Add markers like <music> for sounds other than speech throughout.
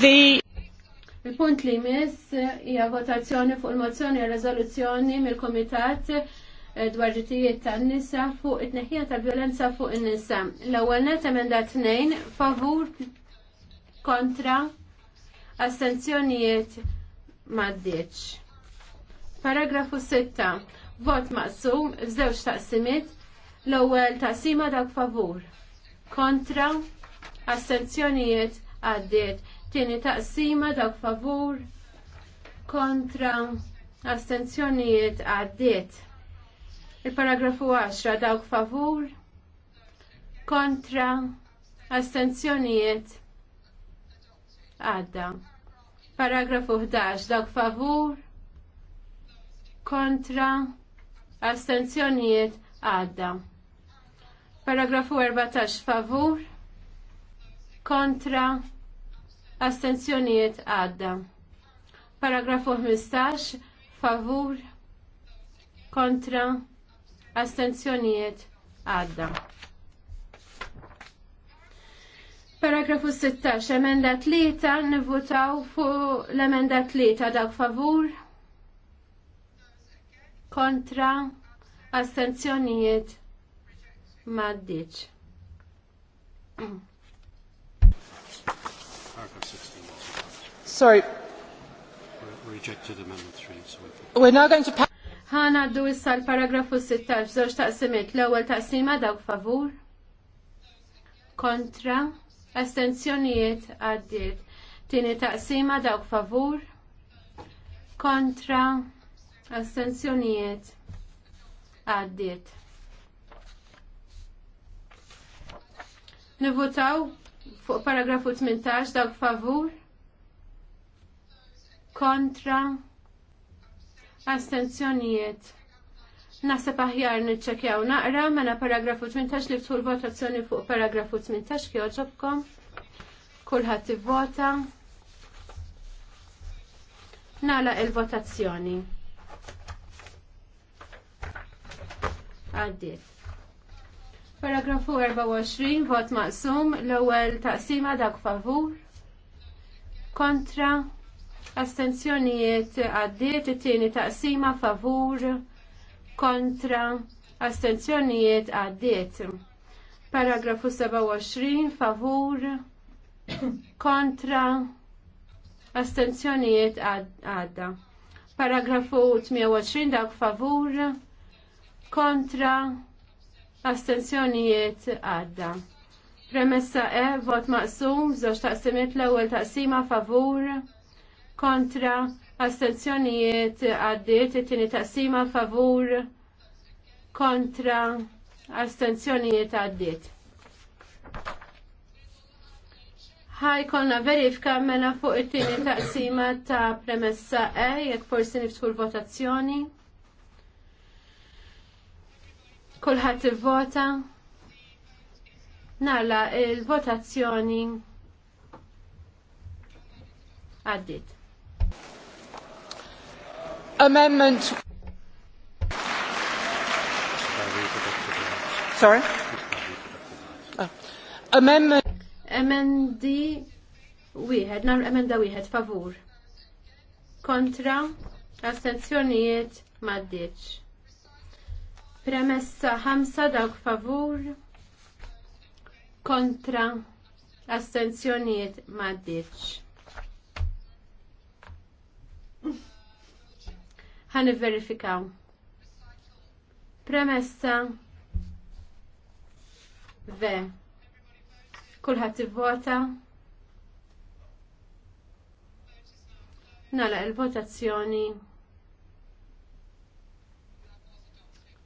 The Il-punt li mis hija votazzjoni fuq il-mozzjoni u rezoluzzjoni mill-Kumitat eh, dwar ġitijiet tan-nisa fuq it-tneħħija tal vjolenza fuq in-nisa. L-ewwel net emenda tnejn favur kontra astenzjonijiet m'għaddiex. Paragrafu 6. Vot maqsum f'żewġ taqsimiet l-ewwel taqsima dak favur kontra astenzjonijiet għaddiet Tieni taqsima dawk favur kontra astenzjonijiet għaddiet. Il-paragrafu 10 dawk favur kontra astenzjonijiet għadda. Paragrafu 11 dawk favur kontra astenzjonijiet għadda. Paragrafu 14 favur kontra astenzjonijiet għadda. Paragrafu 15 favur kontra astenzjonijiet għadda. Paragrafu 16, emenda 3, nivutaw fuq l-emenda 3, dak favur, kontra, astenzjonijiet, maddiċ. <clears throat> Sorry. We're rejected amendment 3. So We're now going to pass. Ħana għaddu issa l-paragrafu 16 żewġ taqsimiet l-ewwel taqsima dawk favur. Kontra. Astenzjonijiet għaddiet. Tieni taqsima dawk favur. Kontra. Astenzjonijiet għaddiet. Nivutaw fuq paragrafu 18 dawk favur kontra astenzjonijiet. Nasab aħjar nitċekjaw naqra mela paragrafu 18 li ftuħ votazzjoni fuq paragrafu 18 kjo ġobkom. Kulħadd ivvota. Nala il-votazzjoni. Għaddiet. Paragrafu 24, vot maqsum, l-ewwel taqsima dak favur, kontra astenzjonijiet għaddiet it-tieni taqsima favur kontra astenzjonijiet għaddiet. Paragrafu 27 favur kontra astenzjonijiet għadda. Paragrafu 28 dak favur kontra astenzjonijiet għadda. Premessa E, vot maqsum, zoċ taqsimiet l-ewel taqsima favur kontra astenzjonijiet għaddiet it-tieni taqsima favur kontra astenzjonijiet għaddiet. ħaj konna verifka mena fuq it-tieni taqsima ta' premessa E jekk forsi niftħu l-votazzjoni. Kulħadd ivvota. Nala il-votazzjoni għaddit. Amendment. Sorry? Oh. Amendment. Emendi wieħed, nar emenda wieħed favur. Kontra, astenzjonijiet maddiċ. Premessa ħamsa dawk favur. Kontra, astenzjonijiet maddiċ ħan verifikaw. Premessa V. Kulħadd vota Nala il-votazzjoni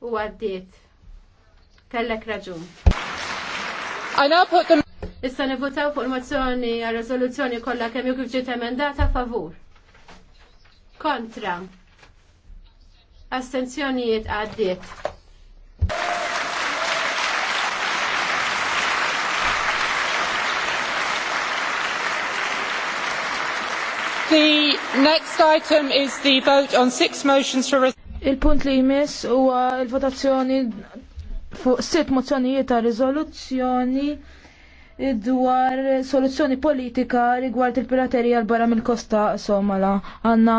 u għaddiet. Kellek raġun. Issa nivotaw fuq il-mozzjoni għal-rezoluzzjoni kollha kemm jew kif ġiet emendata favur. Kontra. Astenzjonijiet għaddiet. The next item is the vote on six motions for Il-punt li jmiss huwa l votazzjoni fuq sitt mozzjonijiet ta' riżoluzzjoni dwar soluzzjoni politika rigward il-piraterija l-barra mill-kosta somala. Għanna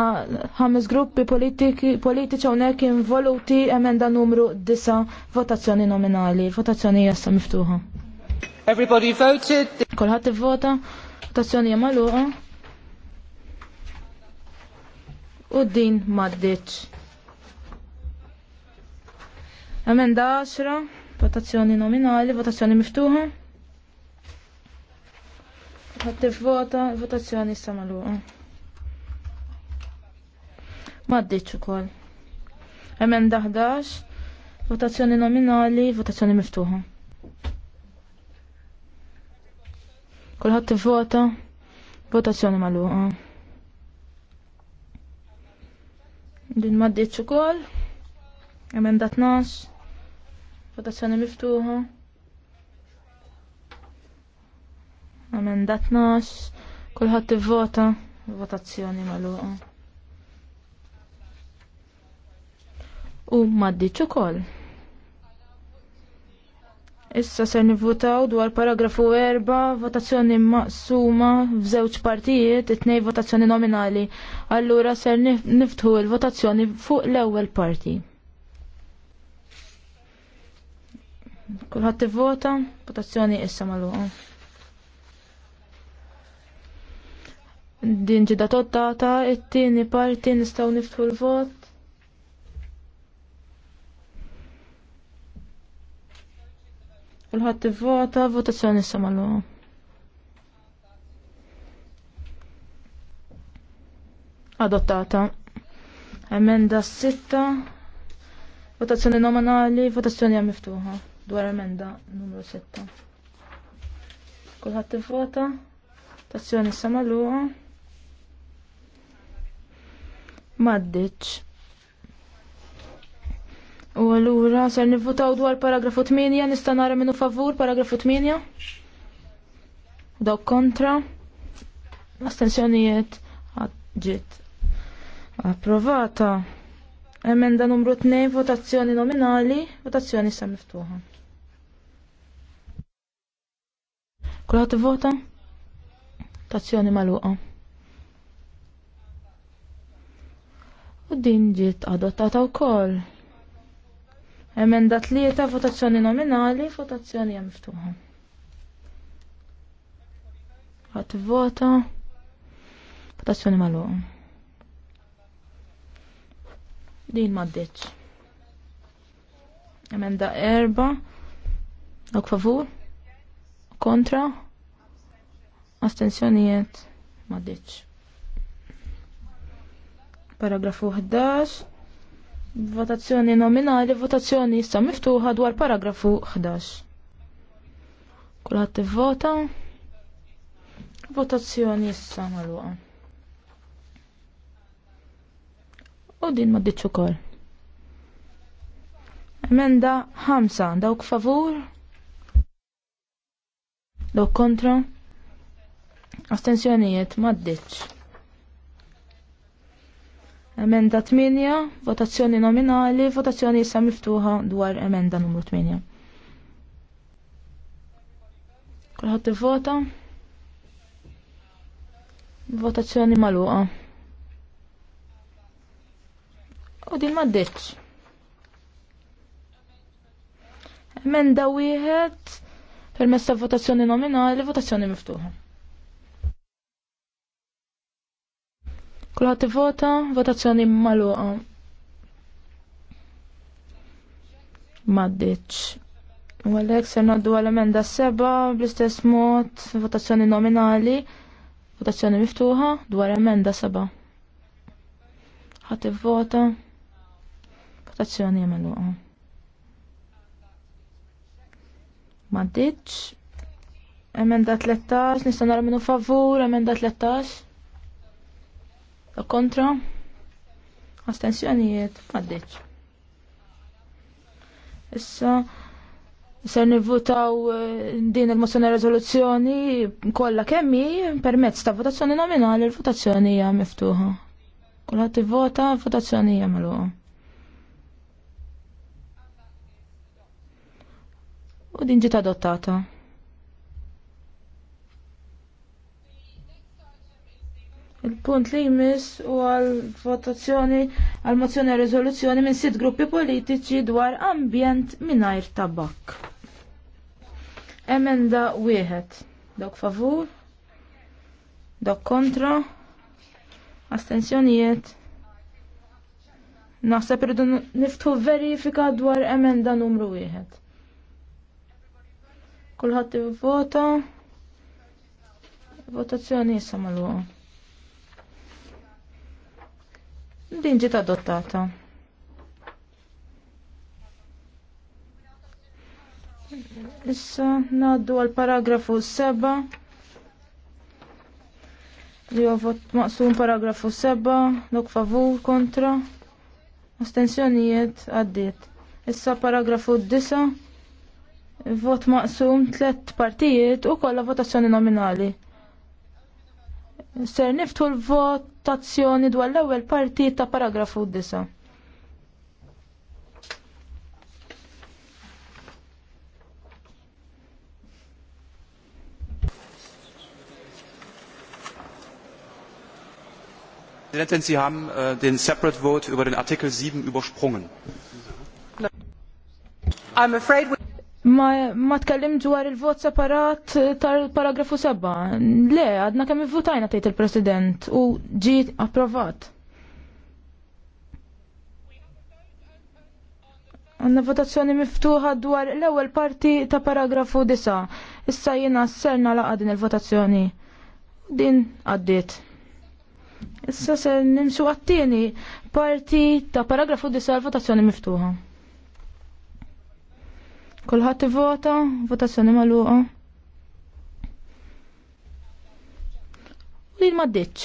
ħames gruppi politiċi hawnhekk involuti emenda numru 9 votazzjoni nominali. Votazzjoni jassa miftuħa. Everybody voted. Kolħat vota votazzjoni jamaluqa. U din maddiċ. Emenda 10, votazzjoni nominali, votazzjoni miftuħa. Għat vota votazzjoni samaluqa. Maddiċ ukoll. Emenda 11, votazzjoni nominali, votazzjoni miftuħa. Kulħadd tivvota, votazzjoni magħluqa. Din maddiċ ukoll. Emenda 12, votazzjoni miftuħa. Amenda kullħat Kulħadd vota Votazzjoni magħluqa. U maddiċu ukoll. Issa ser nivvutaw dwar paragrafu 4, votazzjoni maqsuma f'żewġ partijiet, it-tnej votazzjoni nominali. Allura ser niftħu l-votazzjoni fuq l-ewwel parti. Kulħadd tivvota, votazzjoni issa magħluqa. Din ġida tottata, it-tieni parti nistgħu niftħu l-vot. Kulħadd vota votazzjoni s-samalu. Adottata. Emenda sitta. Votazzjoni nominali, votazzjoni għamiftuħa. miftuħa dwar emenda numru Kulħat Kulħadd vota votazzjoni s-samalu maddiċ. U allura ser nivvutaw dwar paragrafu 8, nista' nara minnu favur paragrafu 8. Dawk kontra. Astensjonijiet ġiet approvata. Emenda numru 2, votazzjoni nominali, votazzjoni sa miftuħa. Kulħat vota? Votazzjoni maluqa. din ġiet adottata wkoll. Emenda tlieta votazzjoni nominali, votazzjoni hemm miftuħa. Ħadd vota. Votazzjoni magħluqa. Din m'għaddiċ. Emenda erba. għak favur? Kontra? Astensjonijiet? Maddiċ. Paragrafu 11. Votazzjoni nominali, votazzjoni issa miftuħa dwar paragrafu 11. Kulħadd ivvota. Votazzjoni issa magħluqa. U din ma ditx ukoll. Emenda 5 dawk favur. Dawk kontra. Astensjonijiet ma ditx. Emenda 8, votazzjoni nominali, votazzjoni jissa miftuħa dwar emenda numru 8. Kulħadd vota Votazzjoni magħluqa. U din m'għaddiċ. Emenda wieħed permessa votazzjoni nominali, votazzjoni miftuħa. Kulħadd vota votazzjoni maluqa. Maddiċ. U għalek se noddu għal-emenda seba' bl-istess mod votazzjoni nominali, votazzjoni miftuħa dwar emenda seba'. Ħadd vota votazzjoni maluqa. Maddiċ. Emenda 13, nista' nara minnu favur, emenda 13 kontra astensjonijiet maddiċ. Issa ser nivvutaw eh, din il-mozzjoni rezoluzzjoni kollha kemmi permezz ta' votazzjoni nominali l-votazzjoni hija miftuħa. ti ivvota votazzjoni hija magħluqa. U din ġiet adottata. Il-punt li jmiss u għal-votazzjoni għal-mozzjoni għal-rezoluzzjoni minn sitt gruppi politiċi dwar ambjent minnajr tabak. Emenda wieħed. Dok favur? Dok kontra? Astenzjonijiet? Naħseb irridu niftu verifika dwar emenda numru wieħed. Kulħadd ivvota. Votazzjoni issa mal din ġiet adottata. Issa naddu għal paragrafu 7 li vot maqsum paragrafu 7 dok favur kontra astensjonijiet għaddiet. Issa paragrafu 9 vot maqsum tlet partijiet u kollha votazzjoni nominali. Ser niftu l-votazzjoni dwar l-ewwel parti ta' paragrafu 9. Präsidentin, Sie haben äh, den Separate Vote über den Artikel 7 übersprungen. I'm afraid we Ma, ma tkellim dwar il-vot separat eh, tal-paragrafu 7. Le, għadna kemm votajna tgħid il-President u ġi approvat. Għanna votazzjoni miftuħa dwar l-ewwel parti ta' paragrafu 9. Issa jiena serna laqgħa din il-votazzjoni. Din għaddiet. Issa ser nimxu għattini parti ta' paragrafu 9 votazzjoni miftuħa. Kulħadd ivota, votazzjoni magħluqa. Lil m'għaddiċ.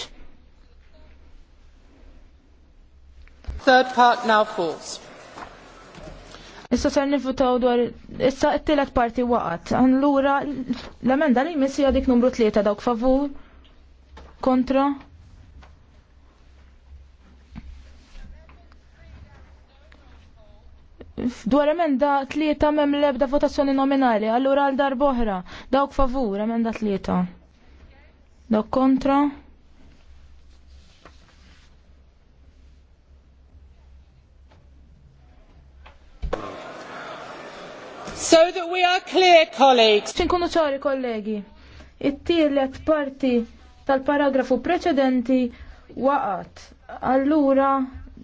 Third part now falls. Issa ser nifutaw dwar, issa it tilet parti waqat. Allura l-emenda li jmissi dik numru tlieta dawk favur, kontra, Dwar emenda tlieta mem lebda votazzjoni nominali, allura għal dar boħra, dawk favur emenda tlieta. Dawk kontra. So that we are clear, colleagues. Ċinkunu ċari, kollegi. It-tielet parti tal-paragrafu preċedenti waqat. Allura,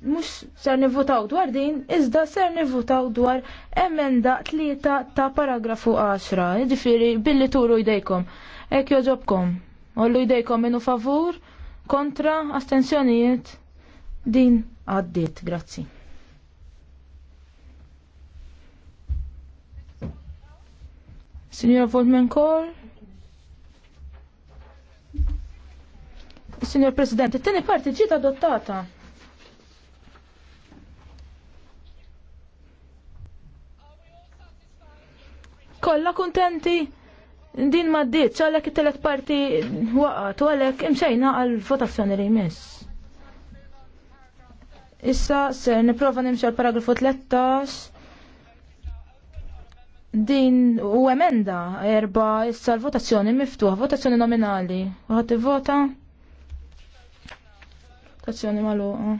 mux ser nivutaw dwar din, iżda ser nivutaw dwar emenda tlieta ta' paragrafu 10. Ġifiri, billi turu jdejkom. Ek joġobkom. Ollu jdejkom minu favur, kontra, astensjonijiet. Din għaddit, grazzi. Signor Voltman Signor President, it-tini parti ġiet adottata. Kolla kuntenti din ma ddit, għalek it-telet parti waqat, u għalek imxejna għal-votazzjoni li jmiss. Issa, ser niprofa nimxie għal-paragrafu 13, din u emenda erba issa l-votazzjoni miftuħa, votazzjoni nominali, u għat vota votazzjoni maluqa.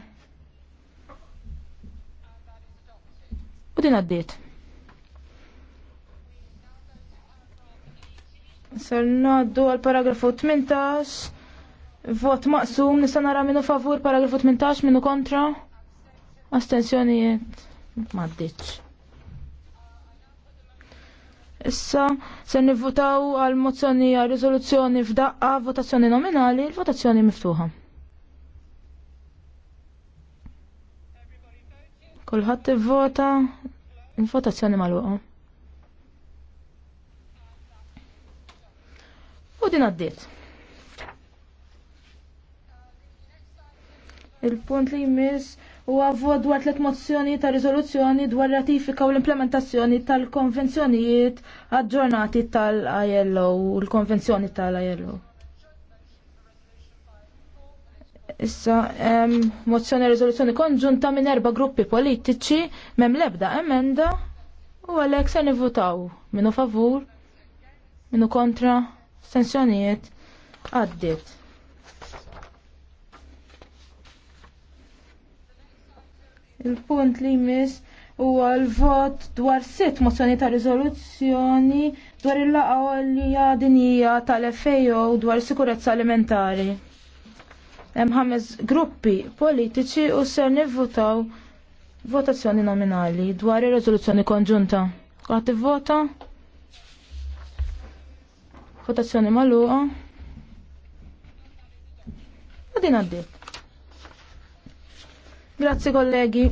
U din għaddit. Sar naddu għal paragrafu 18 vot maqsum nista' nara minnu favur paragrafu 18 minnu kontra Astenzjonijiet maddiċ. Issa se nivvutaw għal mozzjoni għal rizoluzzjoni f'daqqa votazzjoni nominali, votazzjoni miftuħa. Kulħadd ivvota, votazzjoni mal U din għaddiet. Il-punt li jmiss u għavu dwar tlet mozzjoni ta' rizoluzzjoni dwar ratifika u l-implementazzjoni tal-konvenzjonijiet aġġornati tal-ILO u l-konvenzjoni tal-ILO. Issa, mozzjoni rizoluzzjoni konġunta minn erba gruppi politiċi, mem lebda emenda, u għalek se nivutaw minnu favur, minnu kontra, sanzjonijiet għaddit. Il-punt li jmiss huwa l-vot dwar sitt mozzjoni ta' riżoluzzjoni dwar il-laqgħa li dinija tal-FAO dwar sikurezza alimentari. Hemm ħames gruppi politiċi u ser nivvutaw votazzjoni nominali dwar ir-riżoluzzjoni konġunta. Għati vota? Votazzjoni maluqa. Għadin għaddi. Grazie kollegi.